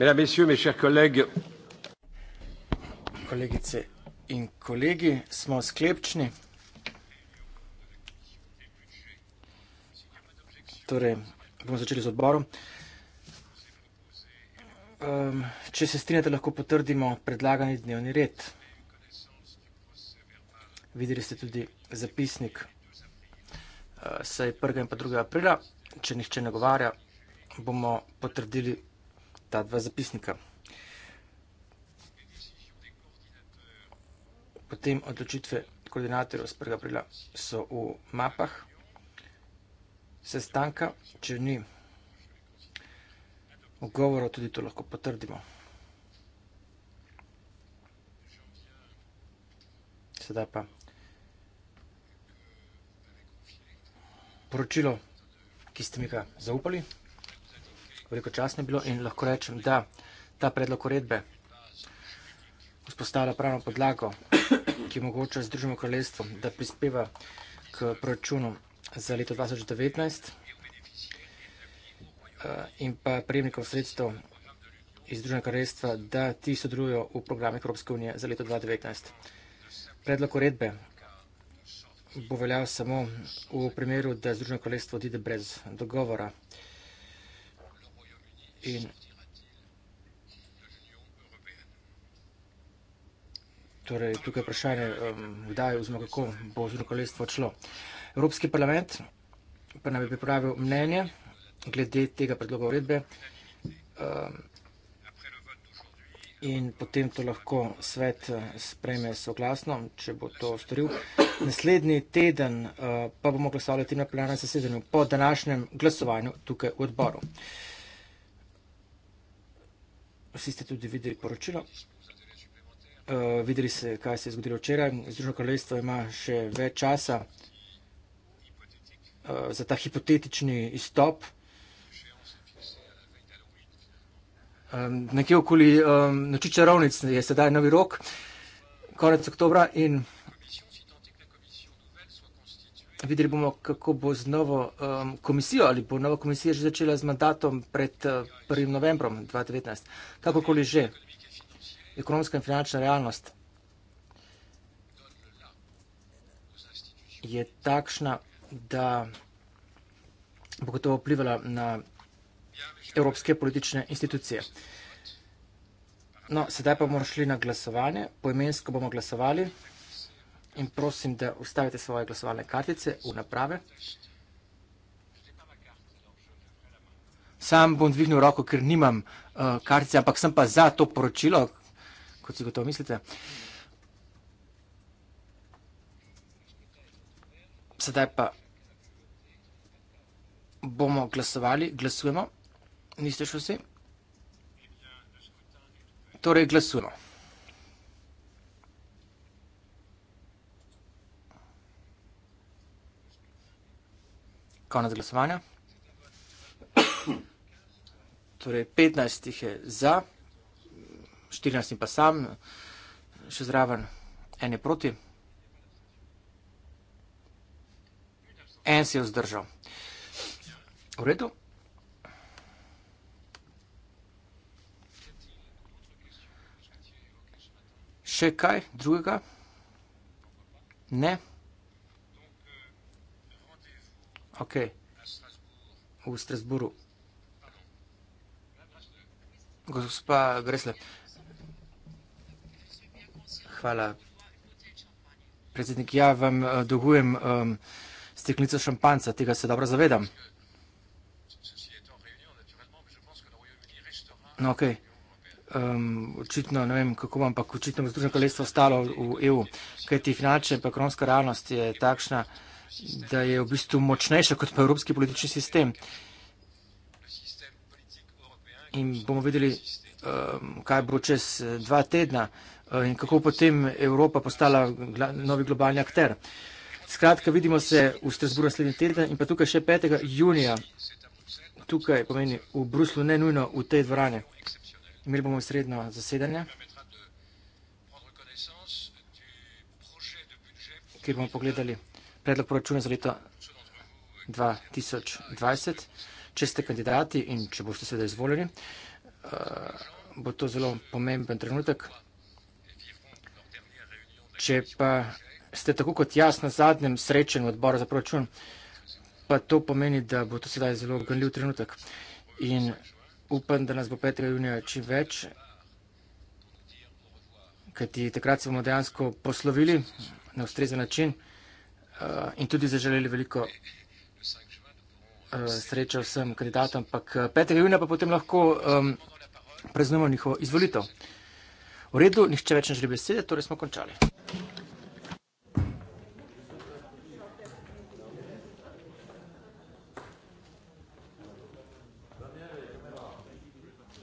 Mesdames, Messieurs, mes chers collègues. Kolegice in kolegi, smo sklepčni. Torej, bomo začeli z odborom. Um, če se strinjate, lahko potrdimo predlagani dnevni red. Videli ste tudi zapisnik uh, sej 1. in pa 2. aprila. Če nihče ne govarja, bomo potrdili ta dva zapisnika. Potem odločitve koordinatorjev z 1. aprila so v mapah sestanka, če ni ugovorov, tudi to lahko potrdimo. Sedaj pa poročilo, ki ste mi ga zaupali velikočasno bilo in lahko rečem, da ta predlog uredbe vzpostavlja pravno podlago, ki omogoča Združeno kraljestvo, da prispeva k proračunu za leto 2019 eh, in pa prejemnikov sredstev iz Združenega kraljestva, da ti sodelujo v programih Evropske unije za leto 2019. Predlog uredbe bo veljal samo v primeru, da Združeno kraljestvo odide brez dogovora in torej tukaj vprašanje, um, kdaj oziroma kako bo zrokoljestvo odšlo. Evropski parlament pa nam je pripravil mnenje glede tega predloga uredbe um, in potem to lahko svet uh, sprejme soglasno, če bo to storil. Naslednji teden uh, pa bomo glasovali tem na plenarnem zasedanju po današnjem glasovanju tukaj v odboru. Vsi ste tudi videli poročilo. Uh, videli ste, kaj se je zgodilo včeraj. Združeno kraljestvo ima še več časa uh, za ta hipotetični izstop. Um, nekje okoli um, noči čarovnic je sedaj novi rok, konec oktobra in. Videli bomo, kako bo z novo um, komisijo ali bo nova komisija že začela z mandatom pred 1. Uh, novembrom 2019. Kakorkoli že, ekonomska in finančna realnost je takšna, da bo gotovo vplivala na evropske politične institucije. No, sedaj pa bomo šli na glasovanje, poimensko bomo glasovali in prosim, da ustavite svoje glasovalne kartice v naprave. Sam bom dvignil roko, ker nimam uh, kartice, ampak sem pa za to poročilo, kot si gotovo mislite. Sedaj pa bomo glasovali, glasujemo. Niste še vsi? Torej, glasujemo. Konec glasovanja. Torej, 15 jih je za, 14 pa sam, še zraven, en je proti. En si je vzdržal. V redu. Še kaj drugega? Ne. Ok. V Strasburu. Gospa Gresle. Hvala. Predsednik, ja vam eh, dogujem um, ehm, steklnico šampanca, tega se dobro zavedam. No, ok. Um, očitno, ne vem, kako vam, ampak očitno bo združeno kraljestvo ostalo v EU. Kajti finančna in ekonomska realnost je takšna, da je v bistvu močnejša kot pa evropski politični sistem. In bomo videli, um, kaj bo čez eh, dva tedna eh, in kako bo potem Evropa postala novi globalni akter. Skratka, vidimo se v Strasburu naslednji teden in pa tukaj še 5. junija, tukaj pomeni v Bruslu, ne nujno v tej dvorani. Imeli bomo sredno zasedanje, kjer bomo pogledali predlog proračuna za leto 2020. Če ste kandidati in če boste seveda izvoljeni, eh, bo to zelo pomemben trenutek. Če pa ste tako kot jaz na zadnjem srečenju odbora za proračun, pa to pomeni, da bo to sedaj zelo ganljiv trenutek. In upam, da nas bo 5. junija čim več, kajti takrat se bomo dejansko poslovili na ustrezen način. Eh, in tudi zaželeli veliko eh, srečo vsem kandidatom, ampak 5. Eh, junija pa potem lahko um, ehm, preznujemo njihovo izvolitev. V redu, nihče več ne želi besede, torej smo končali.